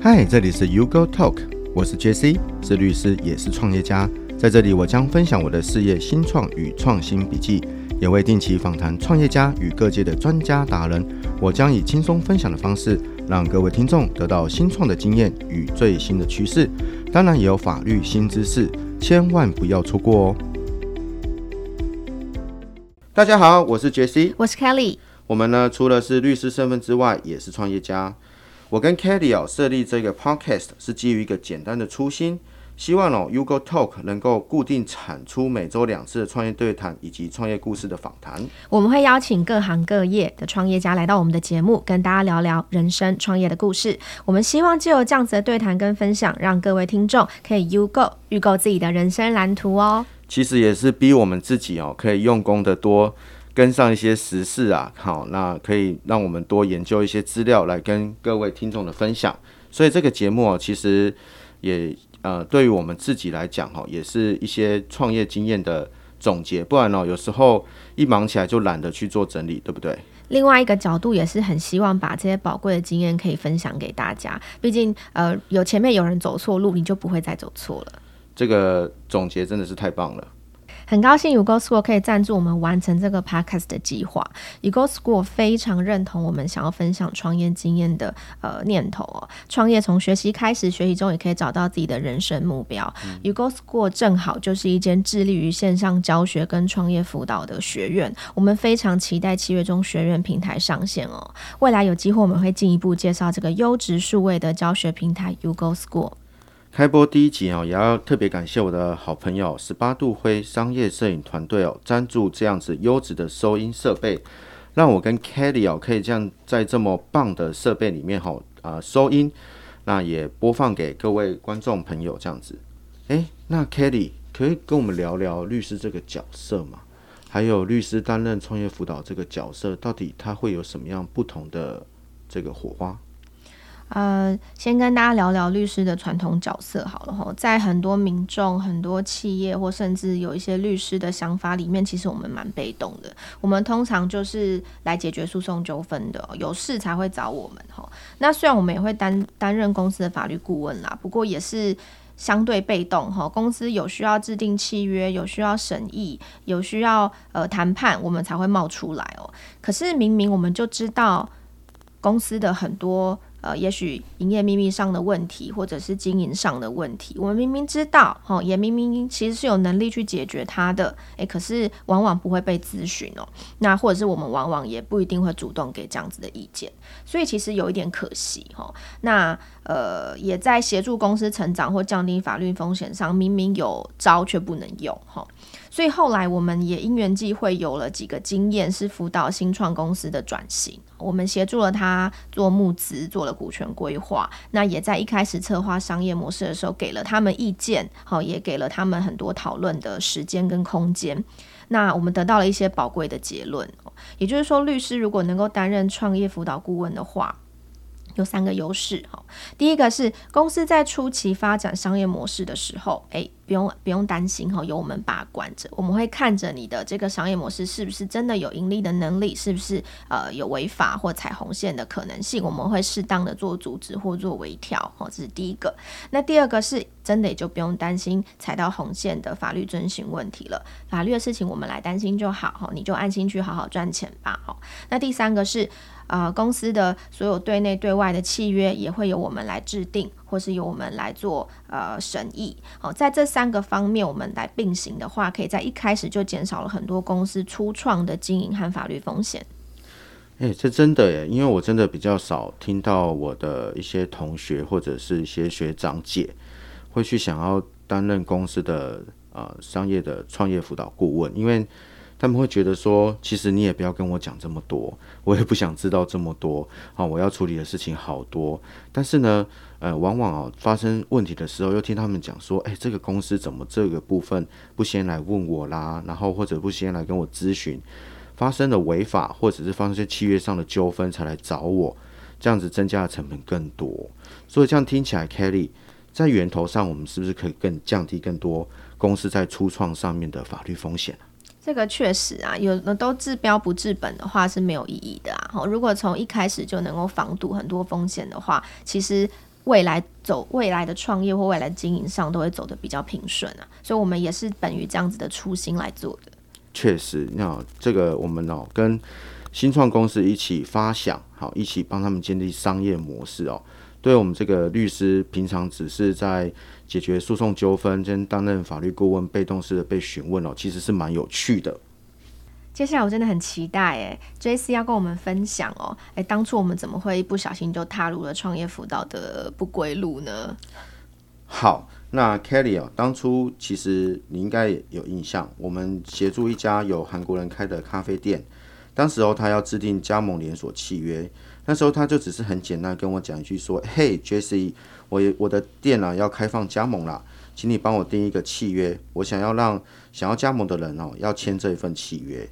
嗨，Hi, 這裡是 U Go TALK，我是 JC，是律師也是創業家。在這裡，我將分享我的事業新創與創新筆記，也會定期訪談創業家與各界的專家達人。我將以輕鬆分享的方式，讓各位聽眾得到新創的經驗與最新的趨勢，當然也有法律新知識，千萬不要錯過哦。大家好，我是 JC，我是 Kelly，我們呢除了是律師身份之外，也是創業家。我跟 Kelly 哦設立這個 Podcast 是基於一個簡單的初心，希望哦 U Go TALK 能夠固定產出每周兩次的創業對談以及創業故事的訪談。我們會邀請各行各業的創業家來到我們的節目，跟大家聊聊人生創業的故事。我們希望借由這樣子的對談跟分享，讓各位聽眾可以 U Go 預購自己的人生藍圖哦。其實也是逼我們自己哦，可以用功的多。跟上一些時事啊，好，那可以讓我們多研究一些資料來跟各位聽眾的分享。所以這個節目啊，其實也呃，對於我們自己來講，哈，也是一些創業經驗的總結。不然呢，有時候一忙起來就懶得去做整理，對不對？另外一個角度也是很希望把這些寶貴的經驗可以分享給大家。畢竟，呃，有前面有人走錯路，你就不會再走錯了。這個總結真的是太棒了。很高興 U Go SchooL 可以贊助我們完成這個 podcast 的計劃。U Go SchooL 非常認同我們想要分享創業經驗的呃念頭哦。創業從學習開始，學習中也可以找到自己的人生目標。嗯、U Go SchooL 正好就是一間致力於線上教學跟創業輔導的學院。我們非常期待七月中學院平台上線哦。未來有機會我們會進一步介紹這個優質數位的教學平台 U Go SchooL。開播第一集哦，也要特別感謝我的好朋友十八度灰商業攝影團隊哦，贊助這樣子優質的收音設備，讓我跟 Kelly 哦可以這樣在這麼棒的設備裡面哈、哦、啊、呃、收音，那也播放給各位觀眾朋友這樣子。誒，那 Kelly 可以跟我們聊聊律師這個角色嗎？還有律師擔任創業輔導這個角色，到底他會有什麼樣不同的這個火花？呃，先跟大家聊聊律師的傳統角色好了齁。在很多民眾、很多企業，或甚至有一些律師的想法裡面，其實我們蠻被動的。我們通常就是來解決訴訟糾紛的，有事才會找我們哈。那雖然我們也會擔擔任公司的法律顧問啦，不過也是相對被動哈。公司有需要制定契約、有需要審議、有需要呃談判，我們才會冒出來哦。可是明明我們就知道公司的很多。呃，也許營業秘密上的問題，或者是經營上的問題，我們明明知道、哦，也明明其實是有能力去解決它的，欸、可是往往不會被諮詢哦。那或者是我們往往也不一定會主動給這樣子的意見，所以其實有一點可惜，哈、哦。那呃，也在協助公司成長或降低法律風險上，明明有招卻不能用，哈、哦。所以後來我們也因緣際會有了幾個經驗，是輔導新創公司的轉型。我們協助了他做募資，做了股權規劃。那也在一開始策劃商業模式的時候，給了他們意見，好，也給了他們很多討論的時間跟空間。那我們得到了一些寶貴的結論，也就是說，律師如果能夠擔任創業輔導顧問的話。有三個優勢哈，第一個是公司在初期發展商業模式的時候，誒，不用不用擔心哈，由我們把關着，我們會看着你的這個商業模式是不是真的有盈利的能力，是不是呃有違法或踩紅線的可能性，我們會適當的做阻止或做微調，這是第一個。那第二個是真的也就不用擔心踩到紅線的法律遵循問題了，法律的事情我們來擔心就好，你就安心去好好賺錢吧哈。那第三個是。啊、呃，公司的所有對內對外的契約也會由我們來制定，或是由我們來做呃審議。哦，在這三個方面我們來並行的話，可以在一開始就減少了很多公司初創的經營和法律風險。誒、欸，這真的耶，因為我真的比較少聽到我的一些同學或者是一些學長姐會去想要擔任公司的啊、呃、商業的創業輔導顧問，因為。他們會覺得說，其實你也不要跟我講這麼多，我也不想知道這麼多啊、哦，我要處理的事情好多。但是呢，呃，往往啊、哦、發生問題的時候，又聽他們講說，誒、欸，這個公司怎麼這個部分不先來問我啦？然後或者不先來跟我諮詢，發生了違法或者是發生些契約上的糾紛才來找我，這樣子增加的成本更多。所以這樣聽起來，Kelly，在源頭上我們是不是可以更降低更多公司在初創上面的法律風險？這個確實啊，有的都治標不治本的話是沒有意義的啊。如果從一開始就能夠防堵很多風險的話，其實未來走未來的創業或未來的經營上都會走得比較平順啊。所以，我們也是本於這樣子的初心來做的。確實，那好，這個我們哦，跟新創公司一起發想，好，一起幫他們建立商業模式哦。對我們這個律師，平常只是在。解決訴訟糾紛，跟擔任法律顧問，被動式的被詢問哦、喔，其實是蠻有趣的。接下來我真的很期待，哎 JC 要跟我們分享哦、喔，哎、欸，當初我們怎麼會一不小心就踏入了創業輔導的不歸路呢？好，那 Kelly 啊、喔，當初其實你應該也有印象，我們協助一家有韓國人開的咖啡店，當時候他要制定加盟連鎖契約。那時候他就只是很簡單跟我講一句說：“嘿，JC，我我的店啊要開放加盟了，請你幫我訂一個契約。我想要讓想要加盟的人哦要簽這一份契約。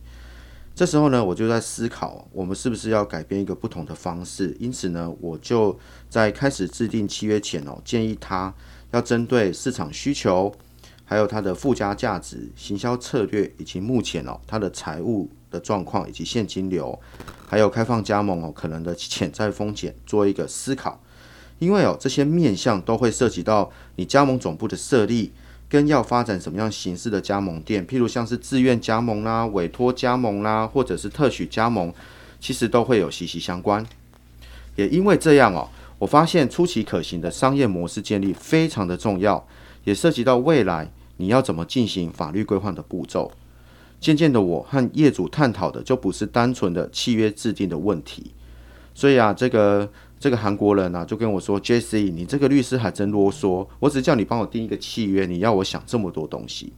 這時候呢，我就在思考，我們是不是要改變一個不同的方式？因此呢，我就在開始制定契約前哦，建議他要針對市場需求，還有他的附加價值、行銷策略以及目前哦，他的財務的狀況以及現金流。”還有開放加盟哦，可能的潛在風險做一個思考，因為哦這些面向都會涉及到你加盟總部的設立，跟要發展什麼樣形式的加盟店，譬如像是自願加盟啦、啊、委託加盟啦、啊，或者是特許加盟，其實都會有息息相關。也因為這樣哦，我發現初期可行的商業模式建立非常的重要，也涉及到未來你要怎麼進行法律規劃的步驟。漸漸的，我和業主探討的就不是單純的契約制定的問題，所以啊，這個這個韓國人呢、啊、就跟我說：“JC，你這個律師還真囉嗦，我只叫你幫我定一個契約，你要我想這麼多東西。”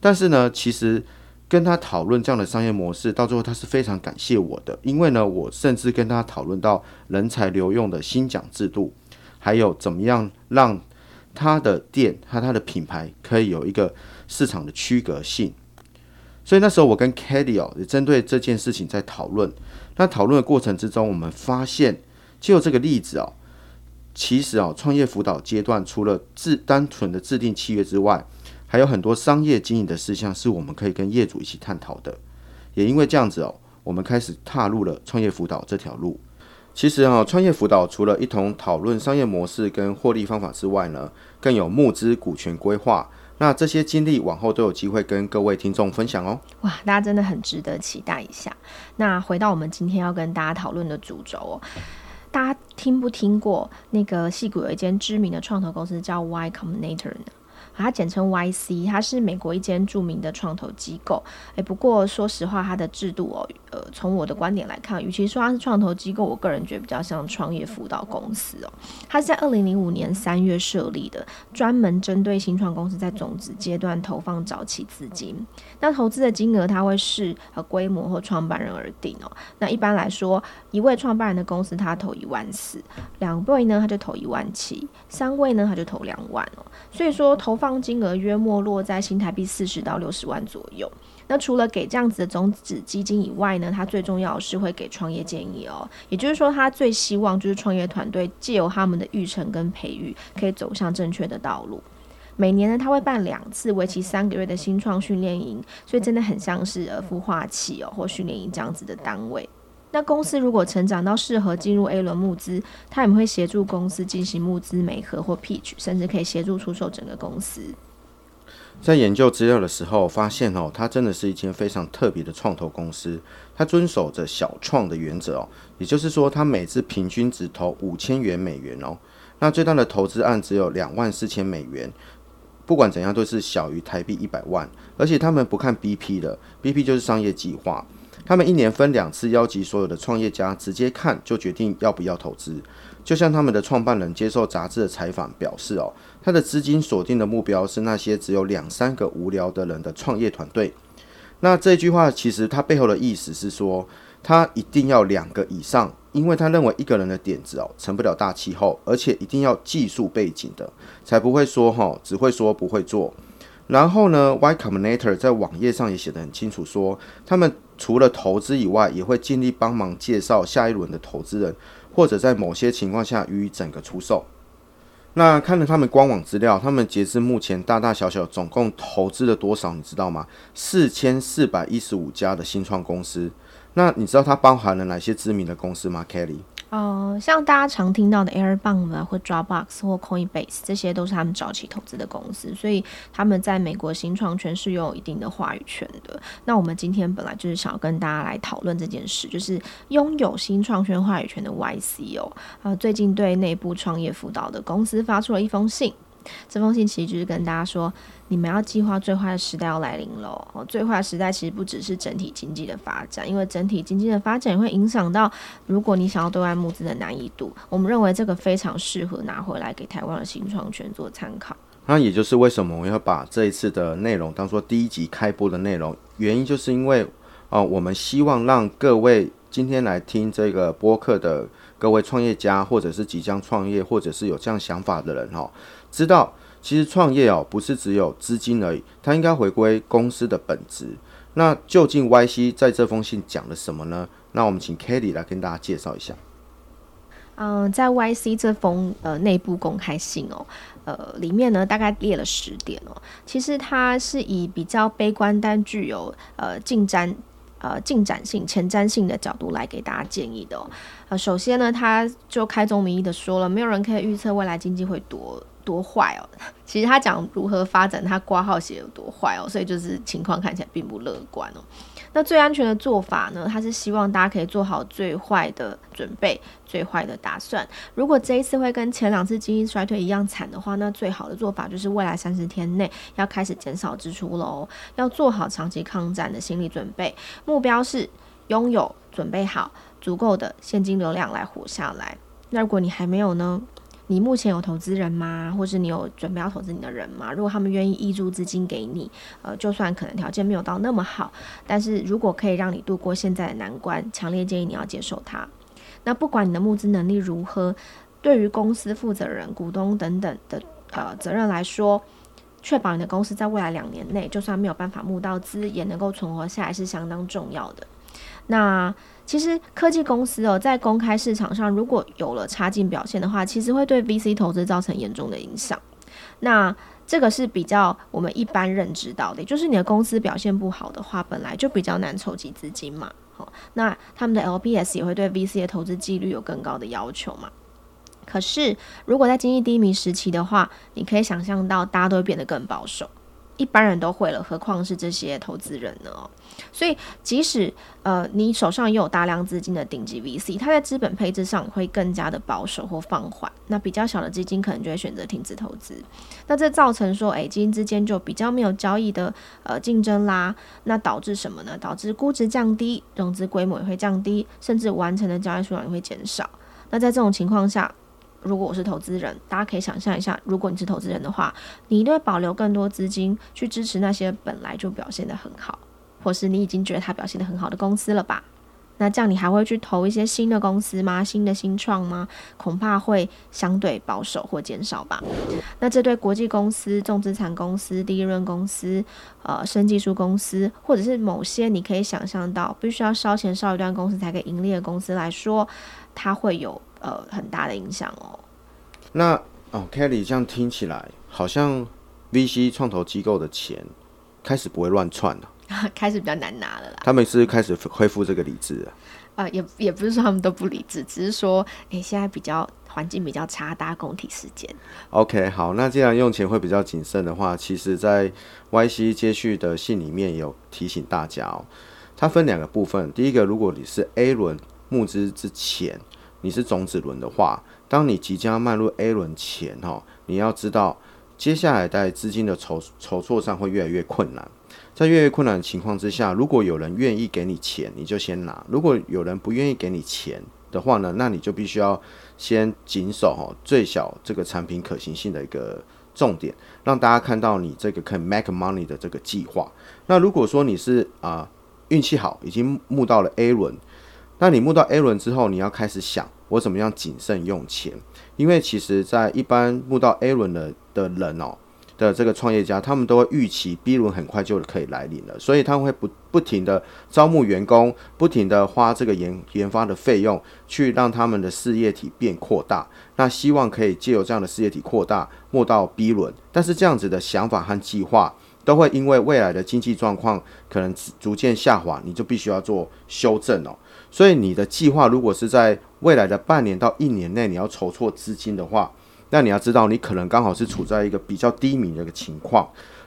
但是呢，其實跟他討論這樣的商業模式，到最後他是非常感謝我的，因為呢，我甚至跟他討論到人才留用的薪獎制度，還有怎麼樣讓他的店和他的品牌可以有一個市場的區隔性。所以那時候我跟 Kelly 哦，也針對這件事情在討論，那討論的過程之中，我們發現就這個例子哦，其實哦創業輔導階段除了制單純的制定契約之外，還有很多商業經營的事項是我們可以跟業主一起探討的。也因為這樣子哦，我們開始踏入了創業輔導這條路。其實啊、哦，創業輔導除了一同討論商業模式跟獲利方法之外呢，更有募資股權規劃。那這些經歷往後都有機會跟各位聽眾分享哦。哇，大家真的很值得期待一下。那回到我們今天要跟大家討論的主軸哦，大家聽不聽過那個矽谷有一間知名的創投公司叫 Y Combinator 呢？它簡稱 YC，它是美國一間著名的創投機構。誒、欸，不過說實話，它的制度哦、喔，呃，從我的觀點來看，與其說它是創投機構，我個人覺得比較像創業輔導公司哦、喔。它是在二零零五年三月設立的，專門針對新創公司在種子階段投放早期資金。那投資的金額，它會視和規模或創辦人而定哦、喔。那一般來說，一位創辦人的公司，他投一萬四；兩位呢，他就投一萬七；三位呢，他就投兩萬哦、喔。所以說，投放。放金額約莫落在新台幣四十到六十萬左右。那除了給這樣子的種子基金以外呢，他最重要是會給創業建議哦。也就是說，他最希望就是創業團隊借由他們的育成跟培育，可以走向正確的道路。每年呢，他會辦兩次為期三個月的新創訓練營，所以真的很像是孵化器哦或訓練營這樣子的單位。那公司如果成長到適合進入 A 輪募資，他也會協助公司進行募資、媒合或 Pitch，甚至可以協助出售整個公司。在研究資料的時候，發現哦，它真的是一間非常特別的創投公司，它遵守着小創的原則哦，也就是說，他每次平均只投五千元美元哦，那最大的投資案只有兩萬四千美元，不管怎樣都是小於台幣一百萬，而且他們不看 BP 的，BP 就是商業計劃。他們一年分兩次邀集所有的創業家，直接看就決定要不要投資。就像他們的創辦人接受雜誌的採訪表示：“哦，他的資金鎖定的目標是那些只有兩三個無聊的人的創業團隊。”那這句話其實他背後的意思是說，他一定要兩個以上，因為他認為一個人的點子哦成不了大氣候，而且一定要技術背景的，才不會說哈、哦、只會說不會做。然後呢，Y Combinator 在網頁上也寫得很清楚，說他們。除了投資以外，也會盡力幫忙介紹下一輪的投資人，或者在某些情況下予以整個出售。那看了他們官網資料，他們截至目前大大小小總共投資了多少，你知道嗎？四千四百一十五家的新創公司。那你知道它包含了哪些知名的公司嗎？Kelly。呃，像大家常聽到的 AirBnb 或 Dropbox 或 Coinbase 這些都是他們早期投資的公司，所以他們在美國新創圈是擁有一定的話語權的。那我們今天本來就是想要跟大家來討論這件事，就是擁有新創圈話語權的 YC O 啊、呃，最近對內部創業輔導的公司發出了一封信，這封信其實就是跟大家說。你們要計劃最壞的時代要來臨了。哦，最壞的時代其實不只是整體經濟的發展，因為整體經濟的發展也會影響到，如果你想要對外募資的難易度，我們認為這個非常適合拿回來給台灣的新創圈做參考。那也就是為什麼我們要把這一次的內容當做第一集開播的內容，原因就是因為，哦、呃，我們希望讓各位今天來聽這個播客的各位創業家，或者是即將創業，或者是有這樣想法的人，哦，知道。其實創業哦，不是只有資金而已，它應該回歸公司的本質。那究竟 Y C 在這封信講了什麼呢？那我們請 Kelly 來跟大家介紹一下。嗯、呃，在 Y C 這封呃內部公開信哦，呃裡面呢大概列了十點哦。其實它是以比較悲觀，但具有呃進展呃進展性、前瞻性的角度來給大家建議的哦。呃、首先呢，他就開宗明義的說了，沒有人可以預測未來經濟會多。多壞哦！其實他講如何發展，他掛號寫有多壞哦，所以就是情況看起來並不樂觀哦。那最安全的做法呢？他是希望大家可以做好最壞的準備，最壞的打算。如果這一次會跟前兩次經濟衰退一樣慘的話，那最好的做法就是未來三十天內要開始減少支出嘍、哦，要做好長期抗戰的心理準備。目標是擁有準備好足夠的現金流量來活下來。那如果你還沒有呢？你目前有投資人嗎？或者你有準備要投資你的人嗎？如果他們願意挹注資金給你，呃，就算可能條件沒有到那麼好，但是如果可以讓你度過現在的難關，強烈建議你要接受它。那不管你的募資能力如何，對於公司負責人、股東等等的呃責任來說，確保你的公司在未來兩年內，就算沒有辦法募到資，也能夠存活下來是相當重要的。那其實科技公司哦，在公開市場上，如果有了差勁表現的話，其實會對 VC 投資造成嚴重的影響。那這個是比較我們一般認知到的，就是你的公司表現不好的話，本來就比較難籌集資金嘛。好、哦，那他們的 LPS 也會對 VC 的投資紀律有更高的要求嘛。可是，如果在經濟低迷時期的話，你可以想象到，大家都會變得更保守。一般人都會了，何況是這些投資人呢？所以，即使呃你手上也有大量資金的頂級 VC，它在資本配置上會更加的保守或放緩。那比較小的基金可能就會選擇停止投資。那這造成說，誒基金之間就比較沒有交易的呃競爭啦。那導致什麼呢？導致估值降低，融資規模也會降低，甚至完成的交易數量也會減少。那在這種情況下，如果我是投資人，大家可以想象一下，如果你是投資人的話，你一定會保留更多資金去支持那些本來就表現得很好，或是你已經覺得他表現得很好的公司了吧？那這樣你還會去投一些新的公司嗎？新的新創嗎？恐怕會相對保守或減少吧。那這對國際公司、重資產公司、低利潤公司、呃，生技術公司，或者是某些你可以想象到必須要燒錢燒一段公司才可以盈利的公司來說，它會有呃很大的影響，喔、哦。那哦，Kelly，這樣聽起來好像 VC 創投機構的錢開始不會亂竄了。開始比較難拿了啦。他們是開始恢復這個理智啊、呃？也也不是說他們都不理智，只是說，哎，現在比較環境比較差，大家共體時艱。OK，好，那既然用錢會比較謹慎的話，其實在 YC 接續的信裡面有提醒大家哦、喔。它分兩個部分，第一個，如果你是 A 輪募資之前，你是種子輪的話，當你即將邁入 A 輪前哈、喔，你要知道，接下來在資金的籌籌措上會越來越困難。在越來越困難的情況之下，如果有人願意給你錢，你就先拿；如果有人不願意給你錢的話呢，那你就必須要先謹守哈最小這個產品可行性的一個重點，讓大家看到你這個可以 make money 的這個計劃。那如果說你是啊運氣好，已經募到了 A 輪，那你募到 A 輪之後，你要開始想我怎麼樣謹慎用錢，因為其實，在一般募到 A 輪的的人哦、喔。的這個創業家，他們都會預期 B 輪很快就可以來臨了，所以他們會不不停的招募員工，不停的花這個研研發的費用，去讓他們的事業體變擴大。那希望可以借由這樣的事業體擴大，摸到 B 輪。但是這樣子的想法和計劃，都會因為未來的經濟狀況可能逐漸下滑，你就必須要做修正哦。所以你的計劃如果是在未來的半年到一年內，你要籌措資金的話，那你要知道，你可能剛好是處在一個比較低迷的一個情況。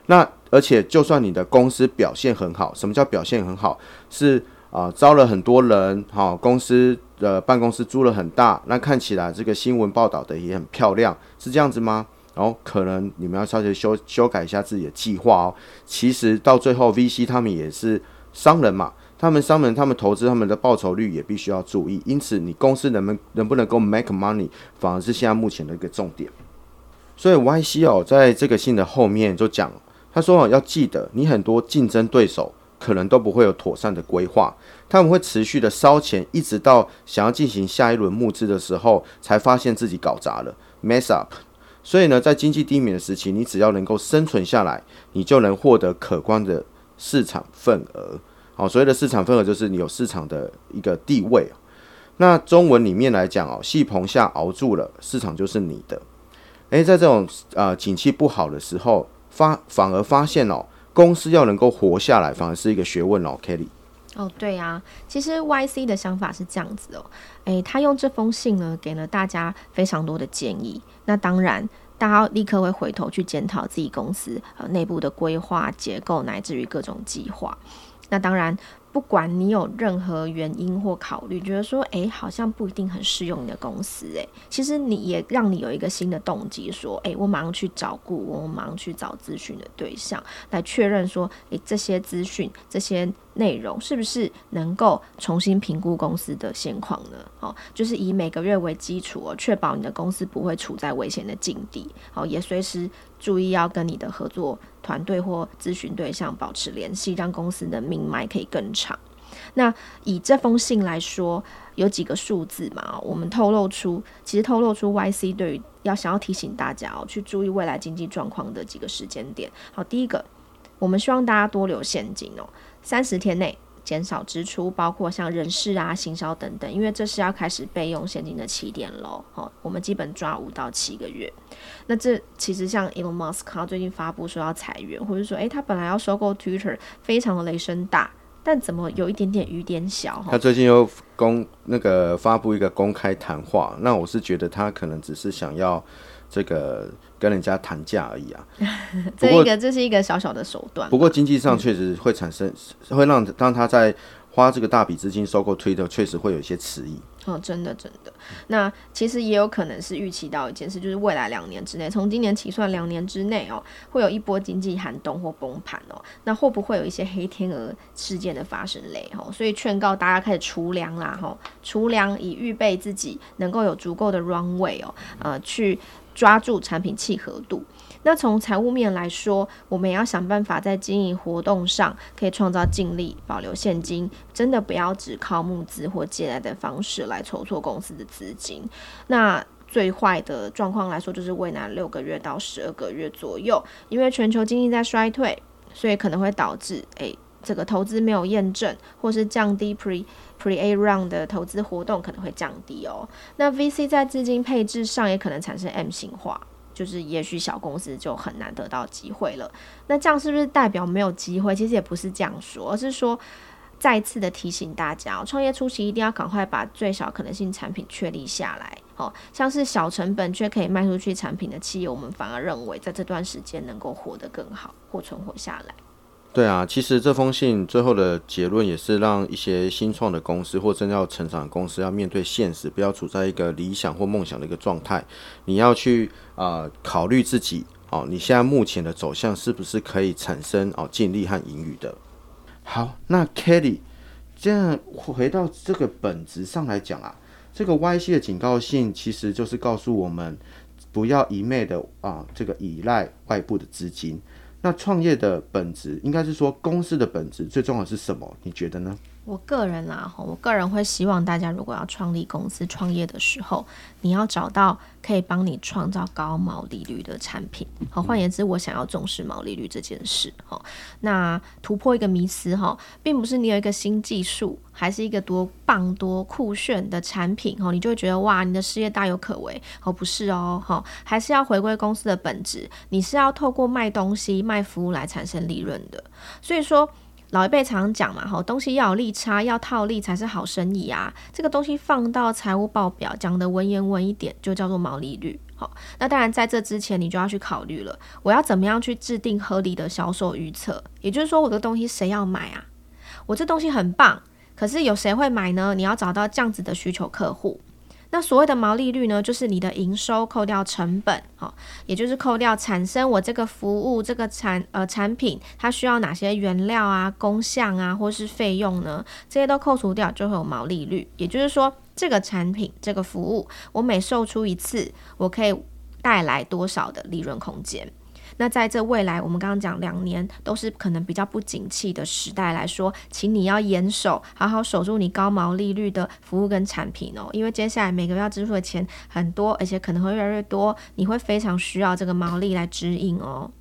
那而且，就算你的公司表現很好，什麼叫表現很好？是啊，呃，招了很多人，呃，公司的辦公室租了很大，那看起來這個新聞報道的也很漂亮，是這樣子嗎？然後，哦，可能你們要稍微修修改一下自己的計劃哦。其實到最後，VC 他們也是商人嘛。他們商人，他們投資，他們的報酬率也必須要注意。因此，你公司能不能不能夠 make money，反而是現在目前的一個重點。所以，YC 哦，在這個信的後面就講，他說哦，要記得，你很多競爭對手可能都不會有妥善的規劃，他們會持續的燒錢，一直到想要進行下一輪募資的時候，才發現自己搞砸了，mess up。所以呢，在經濟低迷的時期，你只要能夠生存下來，你就能獲得可觀的市場份額。好、哦，所謂的市場份額就是你有市場的一個地位、哦。那中文裡面來講哦，細棚下熬住了，市場就是你的。哎，在這種呃景氣不好的時候，發反而發現哦，公司要能夠活下來，反而是一個學問哦，Kelly。哦，對啊，其實 YC 的想法是這樣子哦。哎，他用這封信呢，給了大家非常多的建議。那當然，大家立刻會回頭去檢討自己公司呃內部的規劃結構，乃至於各種計劃。那當然，不管你有任何原因或考慮，覺得說，誒好像不一定很適用你的公司，誒，其實你也讓你有一個新的動機，說，誒我馬上去找顧問，我馬上去找諮詢的對象來確認，說，誒這些資訊、這些內容是不是能夠重新評估公司的現況呢？哦，就是以每個月為基礎哦，確保你的公司不會處在危險的境地，好、哦，也隨時。注意要跟你的合作團隊或諮詢對象保持聯繫，讓公司的命脈可以更長。那以這封信來說，有幾個數字嘛？我們透露出，其實透露出 YC 對於要想要提醒大家哦，去注意未來經濟狀況的幾個時間點。好，第一個，我們希望大家多留現金哦，三十天內。減少支出，包括像人事啊、行銷等等，因為這是要開始備用現金的起點嘍。哦，我們基本抓五到七個月。那這其實像 Elon Musk 最近發布說要裁員，或者說哎、欸，他本來要收購 Twitter，非常的雷聲大，但怎麼有一點點雨點小？他最近又公那個發布一個公開談話，那我是覺得他可能只是想要這個。跟人家談價而已啊， 這一個過這是一個小小的手段。不過經濟上確實會產生，嗯、會讓當他在花這個大筆資金收購 Twitter，確實會有一些遲疑。哦，真的真的。那其實也有可能是預期到一件事，就是未來兩年之內，從今年起算兩年之內哦，會有一波經濟寒冬或崩盤哦。那會不會有一些黑天鵝事件的發生嘞？哦，所以勸告大家開始儲糧啦、哦，吼，儲糧以預備自己能夠有足夠的 runway 哦，呃，去。抓住產品契合度，那從財務面來說，我們也要想辦法在經營活動上可以創造淨利，保留現金，真的不要只靠募資或借貸的方式來籌措公司的資金。那最壞的狀況來說，就是未來六個月到十二個月左右，因為全球經濟在衰退，所以可能會導致哎。欸這個投資沒有驗證，或是降低 pre, pre-A round 的投資活動可能會降低哦。那 VC 在資金配置上也可能產生 M 型化，就是也許小公司就很難得到機會了。那這樣是不是代表沒有機會？其實也不是這樣說，而是說再次的提醒大家哦，創業初期一定要趕快把最小可能性產品確立下來。哦，像是小成本卻可以賣出去產品的企業，我們反而認為在這段時間能夠活得更好或存活下來。對啊，其實這封信最後的結論也是讓一些新創的公司或真要成長的公司要面對現實，不要處在一個理想或夢想的一個狀態。你要去啊、呃、考慮自己哦，你現在目前的走向是不是可以產生哦淨利和盈餘的？好，那 Kelly，這樣回到這個本質上來講啊，這個 YC 的警告信其實就是告訴我們，不要一昧的啊、呃、這個依賴外部的資金。那創業的本質，應該是說公司的本質最重要的是什麼？你覺得呢？我個人啦，哈，我個人會希望大家如果要創立公司創業的時候，你要找到可以幫你創造高毛利率的產品。好，換言之，我想要重視毛利率這件事。哈，那突破一個迷思哈，並不是你有一個新技術，還是一個多棒多酷炫的產品，哈，你就會覺得哇，你的事業大有可為。哦，不是哦，哈，還是要回歸公司的本質，你是要透過賣東西、賣服務來產生利潤的。所以說。老一輩常講嘛，哈，東西要有利差，要套利才是好生意啊。這個東西放到財務報表，講的文言文一點，就叫做毛利率。好，哦，那當然在這之前，你就要去考慮了，我要怎麼樣去制定合理的銷售預測？也就是說，我的東西誰要買啊？我這東西很棒，可是有誰會買呢？你要找到這樣子的需求客戶。那所謂的毛利率呢，就是你的營收扣掉成本，哈，也就是扣掉產生我這個服務這個產呃產品它需要哪些原料啊、工項啊，或是費用呢？這些都扣除掉，就會有毛利率。也就是說，這個產品、這個服務，我每售出一次，我可以帶來多少的利潤空間？那在這未來，我們剛剛講兩年都是可能比較不景氣的時代來說，請你要嚴守，好好守住你高毛利率的服務跟產品哦、喔，因為接下來每個月要支付的錢很多，而且可能會越來越多，你會非常需要這個毛利來指引哦、喔。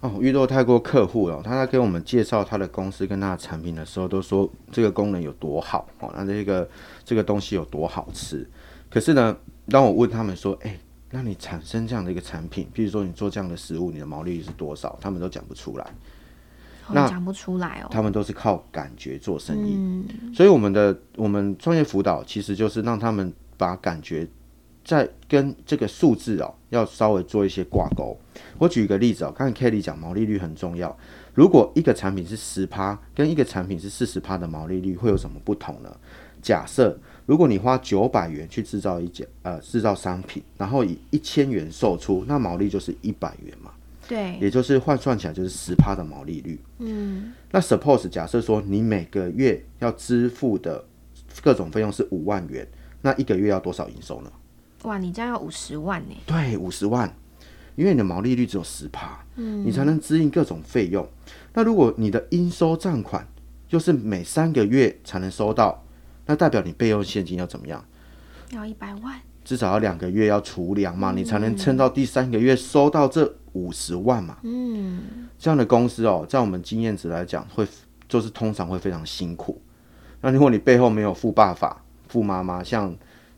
哦，遇到太多客戶了，他在給我們介紹他的公司跟他的產品的時候，都說這個功能有多好哦，那這個這個東西有多好吃。可是呢，當我問他們說，哎、欸。那你產生這樣的一個產品，比如說你做這樣的食物，你的毛利率是多少？他們都講不出來，好那講不出來哦，他們都是靠感覺做生意。嗯，所以我們的我們創業輔導其實就是讓他們把感覺在跟這個數字哦，要稍微做一些掛鈎。我舉一個例子哦，剛才 Kelly 講毛利率很重要，如果一個產品是十趴，跟一個產品是四十趴的毛利率，會有什麼不同呢？假設。如果你花九百元去制造一件呃制造商品，然後以一千元售出，那毛利就是一百元嘛。對，也就是換算起來就是十趴的毛利率。嗯。那 suppose 假設說你每個月要支付的各種費用是五萬元，那一個月要多少營收呢？哇，你這樣要五十萬呢、欸？對，五十萬，因為你的毛利率只有十趴，嗯，你才能支應各種費用。那如果你的應收賬款就是每三個月才能收到？那代表你備用現金要怎麼樣？要一百萬，至少要兩個月要儲糧嘛，嗯、你才能撐到第三個月收到這五十萬嘛。嗯，這樣的公司哦，在我們經驗值來講，會就是通常會非常辛苦。那如果你背後沒有富爸爸、富媽媽，像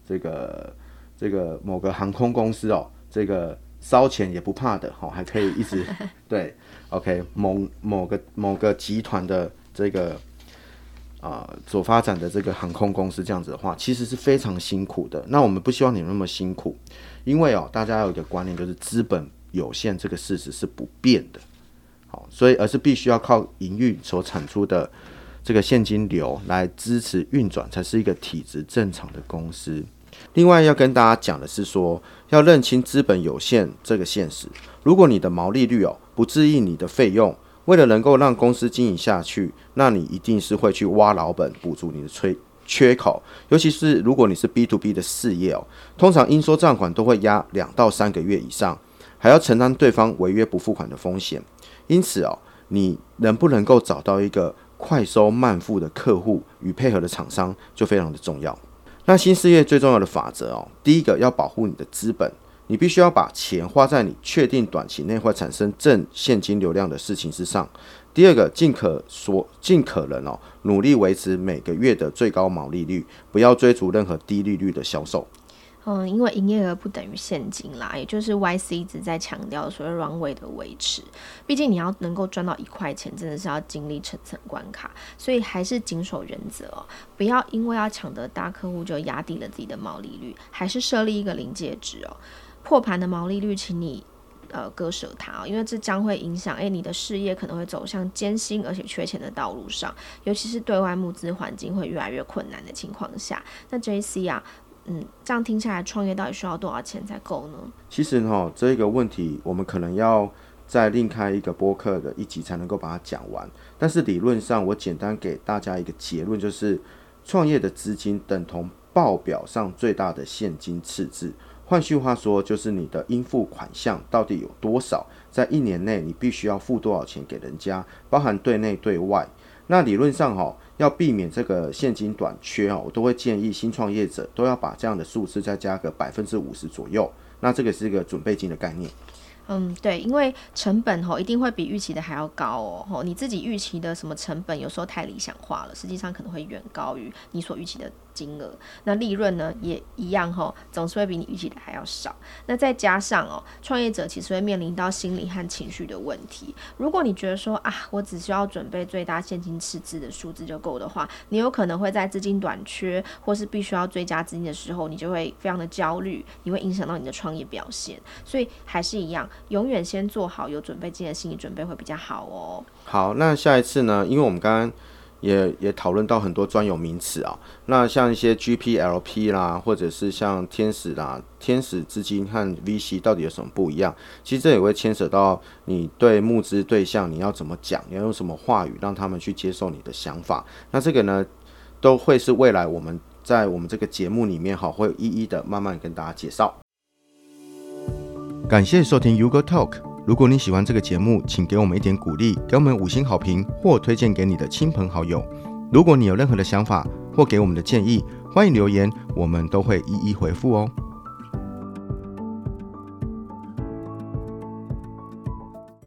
這個這個某個航空公司哦，這個燒錢也不怕的，好、哦、還可以一直 對，OK，某某個某個集團的這個。啊、呃，所發展的這個航空公司這樣子的話，其實是非常辛苦的。那我們不希望你們那麼辛苦，因為哦，大家有一個觀念，就是資本有限這個事實是不變的。好，所以而是必須要靠營運所產出的這個現金流來支持運轉，才是一個體質正常的公司。另外要跟大家講的是說，要認清資本有限這個現實。如果你的毛利率哦，不足以支應你的費用。為了能夠讓公司經營下去，那你一定是會去挖老本，補足你的缺缺口。尤其是如果你是 B to B 的事業哦，通常應收賬款都會壓兩到三個月以上，還要承擔對方違約不付款的風險。因此哦，你能不能夠找到一個快收慢付的客戶與配合的廠商，就非常的重要。那新事業最重要的法則哦，第一個要保護你的資本。你必須要把錢花在你確定短期內會產生正現金流量的事情之上。第二個，盡可所盡可能哦，努力維持每個月的最高毛利率，不要追逐任何低利率的銷售。嗯，因為營業額不等於現金啦，也就是 YC 一直在強調所謂 runway 的維持。畢竟你要能夠賺到一塊錢，真的是要經歷層層關卡，所以還是謹守原則哦，不要因為要搶得大客戶就壓低了自己的毛利率，還是設立一個臨界值哦。破盤的毛利率，請你呃割捨它、哦，因為這將會影響誒、欸，你的事業可能會走向艱辛而且缺錢的道路上，尤其是對外募資環境會越來越困難的情況下。那 JC 啊，嗯，這樣聽下來，創業到底需要多少錢才夠呢？其實呢、哦，這個問題我們可能要在另開一個播客的一集才能夠把它講完。但是理論上，我簡單給大家一個結論，就是創業的資金等同報表上最大的現金赤字。換句話說，就是你的應付款項到底有多少，在一年內你必須要付多少錢給人家，包含對內對外。那理論上哈、哦，要避免這個現金短缺哈、哦，我都會建議新創業者都要把這樣的數字再加個百分之五十左右。那這個是一個準備金的概念。嗯，對，因為成本吼、哦，一定會比預期的還要高哦。吼、哦，你自己預期的什麼成本，有時候太理想化了，實際上可能會遠高於你所預期的。金額，那利潤呢也一樣吼、哦，總是會比你預計的還要少。那再加上哦，創業者其實會面臨到心理和情緒的問題。如果你覺得說啊，我只需要準備最大現金赤字的數字就夠的話，你有可能會在資金短缺或是必須要追加資金的時候，你就會非常的焦慮，你會影響到你的創業表現。所以還是一樣，永遠先做好有準備金的心理準備會比較好哦。好，那下一次呢？因為我們剛剛，也也討論到很多專有名詞啊、喔，那像一些 GPLP 啦，或者是像天使啦，天使資金和 VC 到底有什麼不一樣？其實這也會牽扯到你對募資對象你要怎麼講，你要用什麼話語，讓他們去接受你的想法。那這個呢，都會是未來我們在我們這個節目裡面好，會一一的慢慢跟大家介紹。感謝收聽 U Go TALK。如果你喜歡這個節目，請給我們一點鼓勵，給我們五星好評，或推薦給你的親朋好友。如果你有任何的想法或給我們的建議，歡迎留言，我們都會一一回復哦。